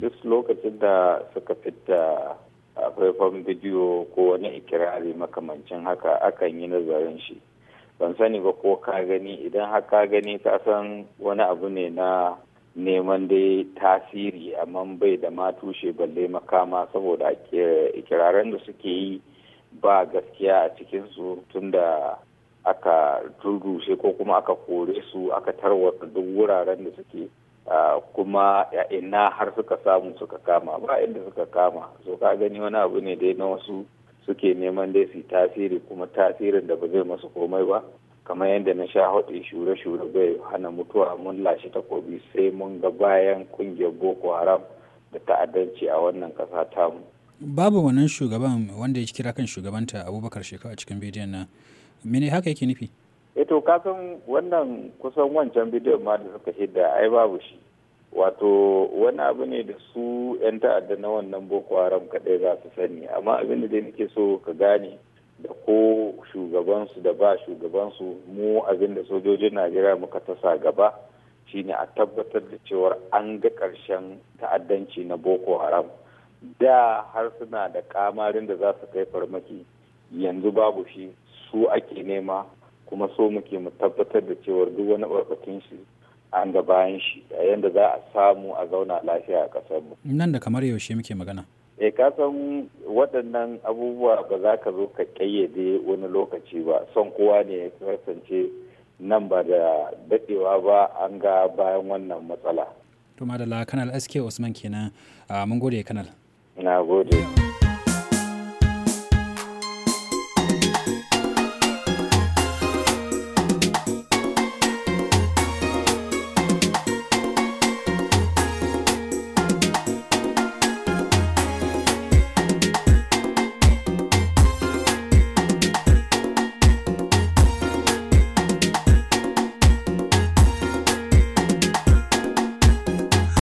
duk lokacin da suka fita faifan bidiyo ko wani ikirari makamancin haka akan yi nazarin shi ban sani ba ko ka gani idan haka gani ka san wani abu ne na neman dai tasiri amma bai da ma tushe balle makama saboda ikiraren da suke yi ba gaskiya a cikinsu tunda aka turgushe ko kuma aka kore su aka tarwatsa duk wuraren da suke Ah, kuma ina har suka samu suka kama ba inda suka kama so ka gani wani abu ne dai na wasu suke neman dai su tasiri kuma tasirin da ba zai masu komai ba kamar yadda na sha haɗe shure-shure bai hana mutuwa mun lashe takobi sai mun ga bayan kungiyar boko haram da ta'addanci a wannan ƙasa tamu. babu wannan shugaban wanda ya kira kan shugabanta abubakar shekau a cikin bidiyon nan mene haka yake nufi e to wannan kusan wancan bidiyon ma da suka hidda ai babu shi wato wani abu ne da su 'yan ta'adda na wannan boko haram kaɗai za su sani amma abin da nake so ka gane da ko shugabansu da ba shugabansu mu abin da sojojin najeriya muka tasa gaba shine a tabbatar da cewar an ga ƙarshen ta'addanci na boko haram da har suna da kamarin da za su kai farmaki yanzu babu shi su ake nema kuma so muke mu tabbatar da cewar duk wani barbatun shi an ga bayan shi a yadda za a samu a zauna lafiya a ƙasar mu. Nan da kamar yaushe muke magana. E ka waɗannan abubuwa ba za ka zo ka ƙayyade wani lokaci ba son kowa ne ya kasance nan ba da daɗewa ba an ga bayan wannan matsala. To madalla kanal SK Usman kenan ah, mun gode kanal. Na gode.